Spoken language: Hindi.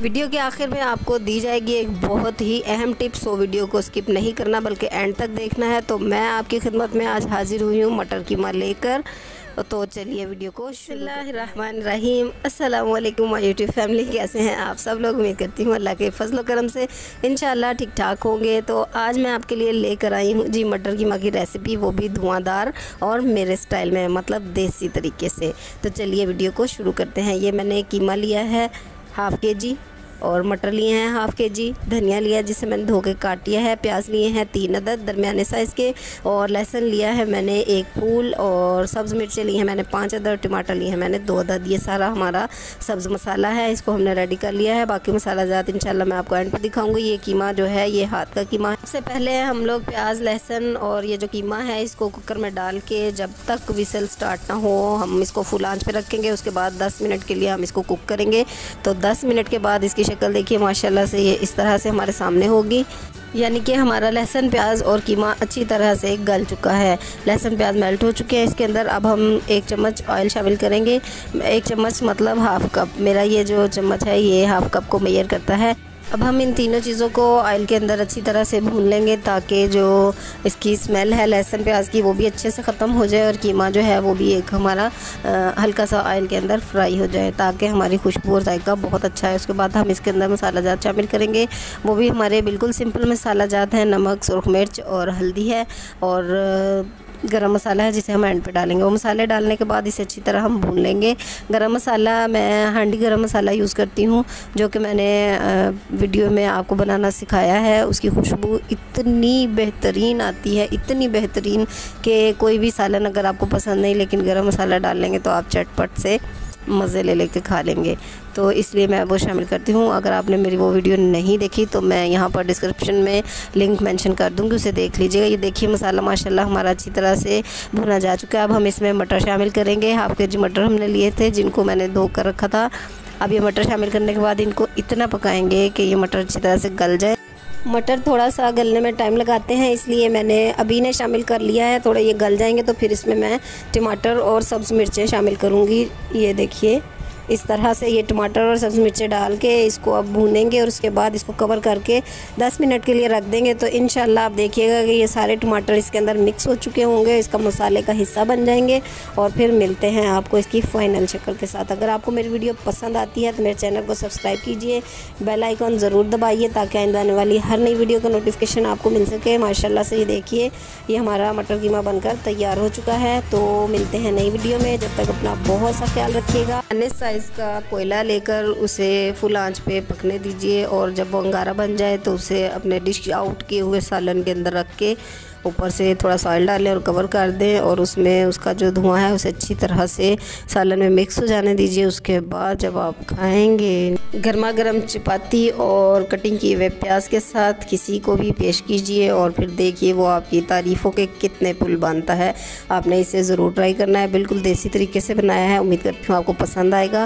वीडियो के आखिर में आपको दी जाएगी एक बहुत ही अहम टिप सो तो वीडियो को स्किप नहीं करना बल्कि एंड तक देखना है तो मैं आपकी खिदमत में आज हाजिर हुई हूँ मटर की माँ लेकर तो चलिए वीडियो को रहमान रहीम अस्सलाम वालेकुम माय यूट्यूब फैमिली कैसे हैं आप सब लोग उम्मीद करती हूँ अल्लाह के फजल करम से इन ठीक ठाक होंगे तो आज मैं आपके लिए लेकर आई हूँ जी मटर की माँ की रेसिपी वो भी धुआँदार और मेरे स्टाइल में मतलब देसी तरीके से तो चलिए वीडियो को शुरू करते हैं ये मैंने कीमा लिया है हाफ के जी और मटर लिए हैं हाफ़ के जी धनिया लिया जिसे मैंने धो के काट लिया है प्याज लिए हैं तीन अदद दरमियाने साइज़ के और लहसुन लिया है मैंने एक फूल और सब्ज़ मिर्चें ली हैं मैंने पाँच अदद टमाटर लिए हैं मैंने दो अदद ये सारा हमारा सब्ज़ मसाला है इसको हमने रेडी कर लिया है बाकी मसाला ज़्यादा इन मैं आपको एंड पर दिखाऊँगी ये कीमा जो है ये हाथ का कीमा है सबसे पहले हम लोग प्याज लहसुन और ये जो कीमा है इसको कुकर में डाल के जब तक विसल स्टार्ट ना हो हम इसको फुल आंच पे रखेंगे उसके बाद दस मिनट के लिए हम इसको कुक करेंगे तो दस मिनट के बाद इसकी शक्ल देखिए माशाल्लाह से ये इस तरह से हमारे सामने होगी यानी कि हमारा लहसुन प्याज और कीमा अच्छी तरह से गल चुका है लहसुन प्याज मेल्ट हो चुके हैं इसके अंदर अब हम एक चम्मच ऑयल शामिल करेंगे एक चम्मच मतलब हाफ़ कप मेरा ये जो चम्मच है ये हाफ़ कप को मेयर करता है अब हम इन तीनों चीज़ों को ऑयल के अंदर अच्छी तरह से भून लेंगे ताकि जो इसकी स्मेल है लहसुन प्याज की वो भी अच्छे से ख़त्म हो जाए और कीमा जो है वो भी एक हमारा हल्का सा ऑयल के अंदर फ्राई हो जाए ताकि हमारी खुशबू और जायका बहुत अच्छा है उसके बाद हम इसके अंदर मसाला जात शामिल करेंगे वो भी हमारे बिल्कुल सिंपल मसाला जात हैं नमक सुरख मिर्च और हल्दी है और गरम मसाला है जिसे हम एंड पे डालेंगे वो मसाले डालने के बाद इसे अच्छी तरह हम भून लेंगे गरम मसाला मैं हांडी गरम मसाला यूज़ करती हूँ जो कि मैंने वीडियो में आपको बनाना सिखाया है उसकी खुशबू इतनी बेहतरीन आती है इतनी बेहतरीन कि कोई भी सालन अगर आपको पसंद नहीं लेकिन गर्म मसाला डाल लेंगे तो आप चटपट से मज़े ले लेके खा लेंगे तो इसलिए मैं वो शामिल करती हूँ अगर आपने मेरी वो वीडियो नहीं देखी तो मैं यहाँ पर डिस्क्रिप्शन में लिंक मेंशन कर दूँगी उसे देख लीजिएगा ये देखिए मसाला माशाल्लाह हमारा अच्छी तरह से भुना जा चुका है अब हम इसमें मटर शामिल करेंगे हाफ के जी मटर हमने लिए थे जिनको मैंने धो कर रखा था अब ये मटर शामिल करने के बाद इनको इतना पकाएँगे कि ये मटर अच्छी तरह से गल जाए मटर थोड़ा सा गलने में टाइम लगाते हैं इसलिए मैंने अभी ने शामिल कर लिया है थोड़े ये गल जाएंगे तो फिर इसमें मैं टमाटर और सब्ज़ मिर्चें शामिल करूँगी ये देखिए इस तरह से ये टमाटर और सब्ज़ी मिर्चें डाल के इसको अब भूनेंगे और उसके बाद इसको कवर करके 10 मिनट के लिए रख देंगे तो इन आप देखिएगा कि ये सारे टमाटर इसके अंदर मिक्स हो चुके होंगे इसका मसाले का हिस्सा बन जाएंगे और फिर मिलते हैं आपको इसकी फ़ाइनल शक्ल के साथ अगर आपको मेरी वीडियो पसंद आती है तो मेरे चैनल को सब्सक्राइब कीजिए बेल आइकॉन ज़रूर दबाइए ताकि आइंदा आने वाली हर नई वीडियो का नोटिफिकेशन आपको मिल सके माशाला से ये देखिए ये हमारा मटर कीमा बनकर तैयार हो चुका है तो मिलते हैं नई वीडियो में जब तक अपना बहुत सा ख्याल रखिएगा साइज़ का कोयला लेकर उसे फुल आंच पे पकने दीजिए और जब वो अंगारा बन जाए तो उसे अपने डिश आउट किए हुए सालन के अंदर रख के ऊपर से थोड़ा सॉइल डालें और कवर कर दें और उसमें उसका जो धुआं है उसे अच्छी तरह से सालन में मिक्स हो जाने दीजिए उसके बाद जब आप खाएंगे गर्मा गर्म चपाती और कटिंग की हुए प्याज के साथ किसी को भी पेश कीजिए और फिर देखिए वो आपकी तारीफ़ों के कितने पुल बांधता है आपने इसे ज़रूर ट्राई करना है बिल्कुल देसी तरीके से बनाया है उम्मीद करती हूँ आपको पसंद आएगा